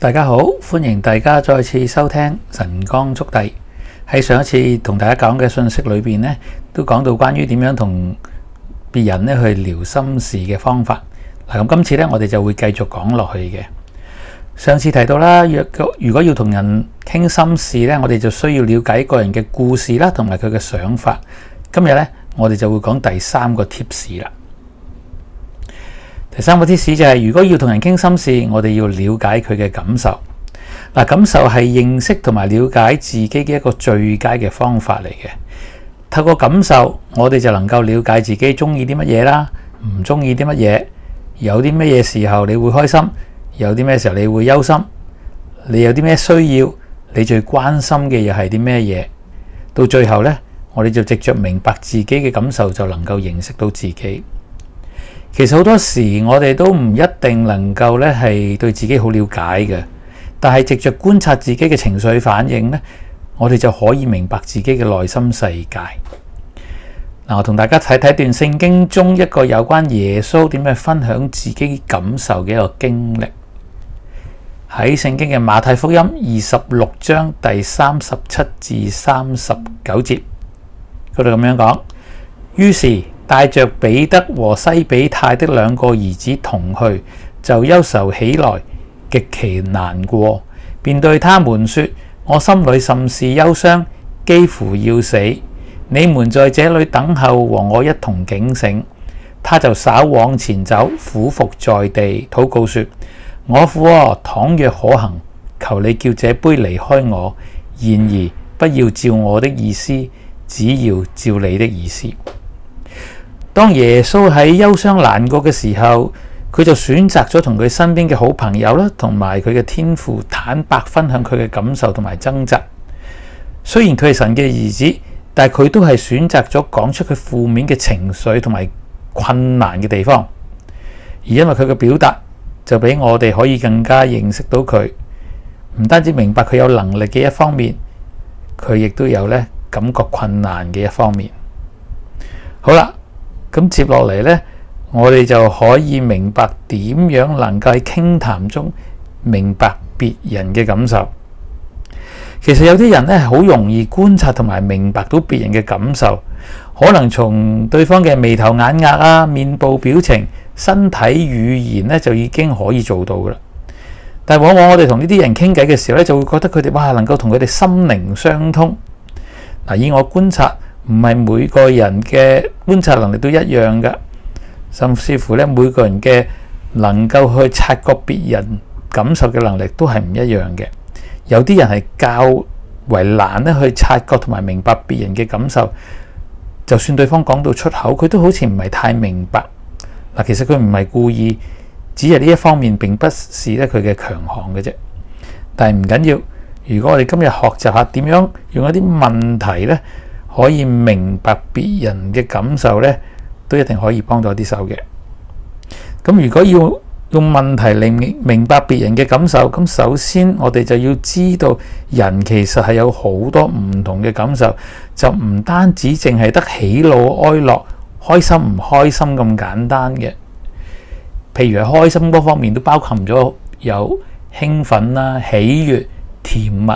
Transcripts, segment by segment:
大家好，歡迎大家再次收聽《晨光速遞》。喺上一次同大家講嘅信息裏邊呢，都講到關於點樣同別人咧去聊心事嘅方法。嗱，咁今次呢，我哋就會繼續講落去嘅。上次提到啦，若果如果要同人傾心事呢，我哋就需要了解個人嘅故事啦，同埋佢嘅想法。今日呢，我哋就會講第三個貼士啦。第三個 tips 就係、是，如果要同人傾心事，我哋要了解佢嘅感受。嗱，感受係認識同埋了解自己嘅一個最佳嘅方法嚟嘅。透過感受，我哋就能夠了解自己中意啲乜嘢啦，唔中意啲乜嘢，有啲咩嘢時候你會開心，有啲咩時候你會憂心，你有啲咩需要，你最關心嘅嘢係啲咩嘢。到最後呢，我哋就藉著明白自己嘅感受，就能夠認識到自己。其實好多時我哋都唔一定能夠咧係對自己好了解嘅，但係藉着觀察自己嘅情緒反應咧，我哋就可以明白自己嘅內心世界。嗱，我同大家睇睇，段聖經中一個有關耶穌點樣分享自己感受嘅一個經歷，喺聖經嘅馬太福音二十六章第三十七至三十九節，佢哋咁樣講，於是，帶着彼得和西庇太的兩個兒子同去，就憂愁起來，極其難過，便對他們說：我心裡甚是憂傷，幾乎要死。你們在這裡等候和我一同警醒。他就稍往前走，俯伏在地，禱告說：我父啊，倘若可行，求你叫這杯離開我；然而不要照我的意思，只要照你的意思。當耶穌喺憂傷難過嘅時候，佢就選擇咗同佢身邊嘅好朋友啦，同埋佢嘅天父坦白分享佢嘅感受同埋掙扎。雖然佢係神嘅兒子，但佢都係選擇咗講出佢負面嘅情緒同埋困難嘅地方。而因為佢嘅表達就俾我哋可以更加認識到佢唔單止明白佢有能力嘅一方面，佢亦都有咧感覺困難嘅一方面。好啦。咁接落嚟呢，我哋就可以明白點樣能夠喺傾談中明白別人嘅感受。其實有啲人呢，好容易觀察同埋明白到別人嘅感受，可能從對方嘅眉頭眼額啊、面部表情、身體語言呢，就已經可以做到㗎喇。但往往我哋同呢啲人傾偈嘅時候呢，就會覺得佢哋哇，能夠同佢哋心靈相通。嗱，以我觀察。唔係每個人嘅觀察能力都一樣㗎，甚至乎咧，每個人嘅能夠去察覺別人感受嘅能力都係唔一樣嘅。有啲人係較為難咧，去察覺同埋明白別人嘅感受。就算對方講到出口，佢都好似唔係太明白嗱。其實佢唔係故意，只係呢一方面並不是咧佢嘅強項嘅啫。但係唔緊要，如果我哋今日學習下點樣用一啲問題咧，可以明白別人嘅感受呢，都一定可以幫到啲手嘅。咁如果要用問題嚟明白別人嘅感受，咁首先我哋就要知道人其實係有好多唔同嘅感受，就唔單止淨係得喜怒哀樂、開心唔開心咁簡單嘅。譬如係開心嗰方面都包含咗有興奮啦、喜悅、甜蜜、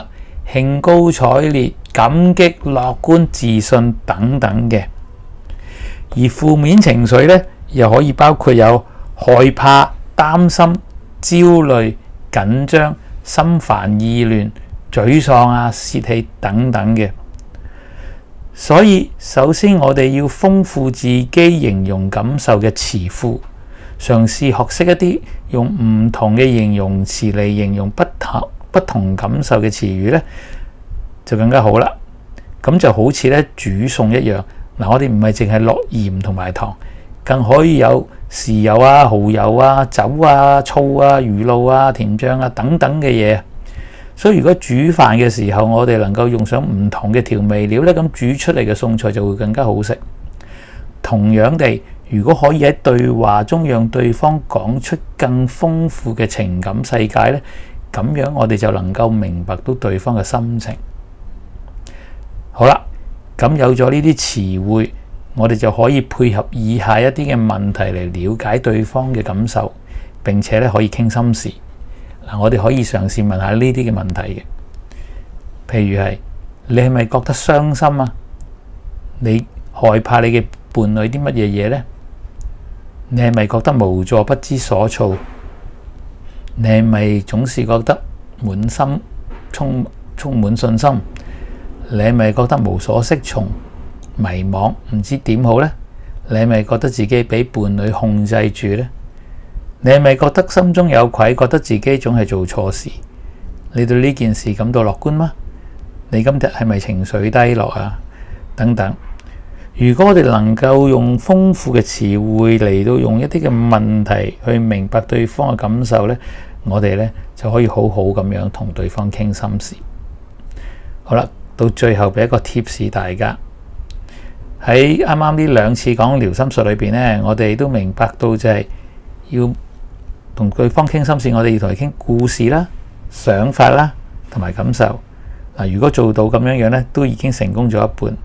興高采烈。感激、樂觀、自信等等嘅，而負面情緒咧，又可以包括有害怕、擔心、焦慮、緊張、心煩意亂、沮喪啊、泄氣等等嘅。所以，首先我哋要豐富自己形容感受嘅詞庫，嘗試學識一啲用唔同嘅形容詞嚟形容不同不同感受嘅詞語咧。就更加好啦。咁就好似咧煮餸一樣，嗱我哋唔係淨係落鹽同埋糖，更可以有豉油啊、蠔油啊、酒啊、醋啊、魚露啊、甜醬啊等等嘅嘢。所以如果煮飯嘅時候，我哋能夠用上唔同嘅調味料咧，咁煮出嚟嘅餸菜就會更加好食。同樣地，如果可以喺對話中讓對方講出更豐富嘅情感世界咧，咁樣我哋就能夠明白到對方嘅心情。好啦，咁有咗呢啲詞彙，我哋就可以配合以下一啲嘅問題嚟了解對方嘅感受，並且咧可以傾心事。嗱，我哋可以嘗試問下呢啲嘅問題嘅，譬如係，你係咪覺得傷心啊？你害怕你嘅伴侶啲乜嘢嘢咧？你係咪覺得無助、不知所措？你係咪總是覺得滿心、充充滿信心？你咪覺得無所適從、迷惘，唔知點好呢？你咪覺得自己俾伴侶控制住呢？你係咪覺得心中有愧，覺得自己總係做錯事？你對呢件事感到樂觀嗎？你今日係咪情緒低落啊？等等。如果我哋能夠用豐富嘅詞彙嚟到用一啲嘅問題去明白對方嘅感受呢，我哋呢就可以好好咁樣同對方傾心事。好啦。到最後俾一個貼士大家喺啱啱呢兩次講聊心術裏邊呢，我哋都明白到就係要同對方傾心事，我哋要同佢傾故事啦、想法啦同埋感受。嗱，如果做到咁樣樣呢，都已經成功咗一半。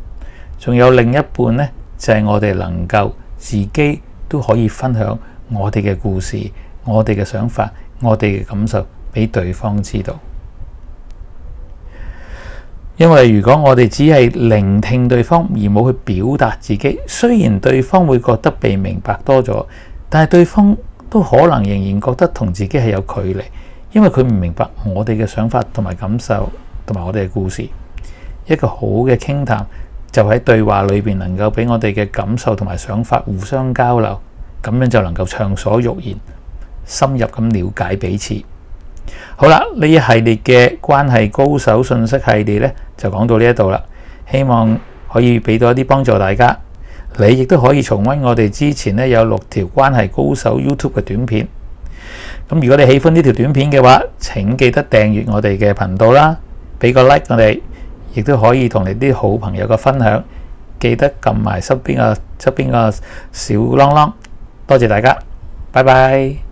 仲有另一半呢，就係、是、我哋能夠自己都可以分享我哋嘅故事、我哋嘅想法、我哋嘅感受俾對方知道。因為如果我哋只係聆聽對方而冇去表達自己，雖然對方會覺得被明白多咗，但係對方都可能仍然覺得同自己係有距離，因為佢唔明白我哋嘅想法同埋感受同埋我哋嘅故事。一個好嘅傾談就喺對話裏邊能夠俾我哋嘅感受同埋想法互相交流，咁樣就能夠暢所欲言，深入咁了解彼此。好啦，呢一系列嘅關係高手信息系列呢，就講到呢一度啦。希望可以俾到一啲幫助大家。你亦都可以重温我哋之前呢有六條關係高手 YouTube 嘅短片。咁如果你喜歡呢條短片嘅話，請記得訂閱我哋嘅頻道啦，俾個 like 我哋，亦都可以同你啲好朋友嘅分享。記得撳埋側邊個側邊個小啷啷，多謝大家，拜拜。